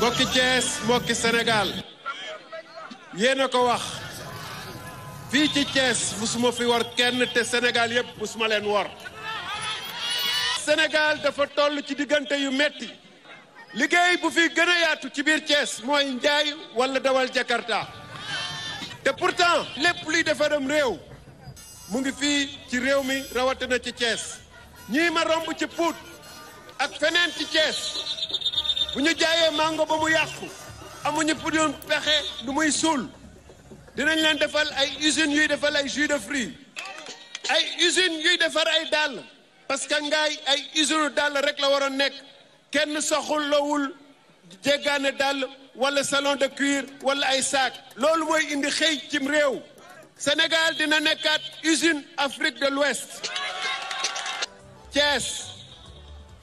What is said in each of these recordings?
mbokki Thiès mbokki senegaal yéen a ko wax fii ci Thiès suma fi war kenn te Sénégal yëpp musuma leen war Sénégal dafa toll ci diggante yu metti liggéey bu fi gën yaatu ci biir Thiès mooy njaay wala dawal Jakarta te pourtant lépp luy defaram réew mu ngi fii ci réew mi rawatina ci cees ñii ma romb ci Pout ak feneen ci Thiès bu ñu jaayee mango ba mu yàqu amuñu pour yoon pexe lu muy suul dinañ leen defal ay usines yuy defal ay jus de ay usines yuy defar ay dàll parce que ngaay ay usine dàll rek la war a nekk kenn soxul lowul jéggaane dàll wala salon de cuir wala ay saak loolu mooy indi xëy cim réew Sénégal dina nekkaat usine Afrique de l'Ouest Thiès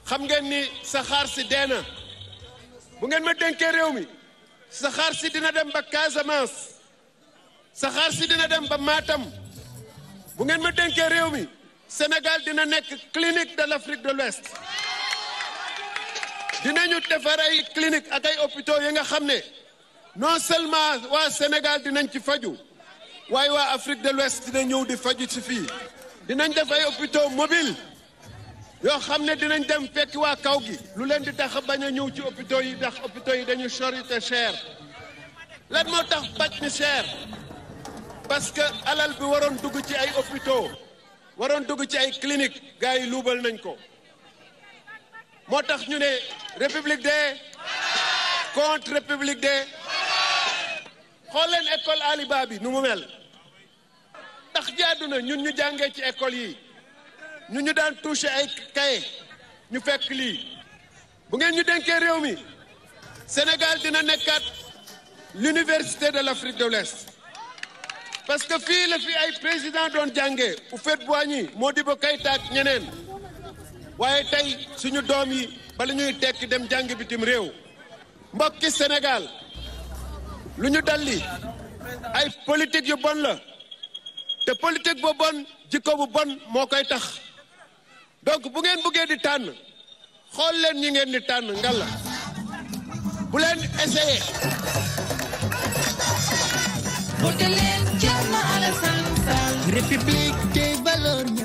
xam ngeen ni saxaar si dee bu ngeen ma dénkee réew mi saxaar si dina dem ba Casamance saxaar si dina dem ba maatam bu ngeen ma dénkee réew mi Sénégal dina nekk clinique de l'Afrique de l'Ouest dinañu defar ay clinique ak ay hôpitaux yi nga xam ne non seulement waa Sénégal dinañ ci faju waaye waa Afrique de l'Ouest dina ñëw di faju ci fii dinañ def ay hôpitaux mobile yoo xam ne dinañ dem fekki waa kaw gi lu leen di tax bañ a ñëw ci hôpitaux yi ndax hôpitaux yi dañuy sori te cher lan moo tax paj mi cher parce que alal bi waroon dugg ci ay hôpitaux waroon dugg ci ay clinique gars yi luubal nañ ko moo tax ñu ne république de contre république de xool leen école Aliba bi nu mu mel tax jaadu na ñun ñu jàngee ci école yi ñu ñu daan touché ay kaye ñu fekk lii bu ngeen ñu denkee réew mi Sénégal dina nekkaat l'université de l'Afrique de l'Ouest parce que fii la fi ay président doon jàngee houphouët moo Modibo Keïta ak ñeneen waaye tey suñu doom yi bala ñuy tekki dem jàng bitim réew mbokki Sénégal lu ñu dalli ay politique yu bon la te politique bu bon jikko bu bon moo koy tax donc bu ngeen bëggee di tànn xool leen ñi ngeen di tànn ngalla bu leen essayé. voté leen Thierno république des valeurs.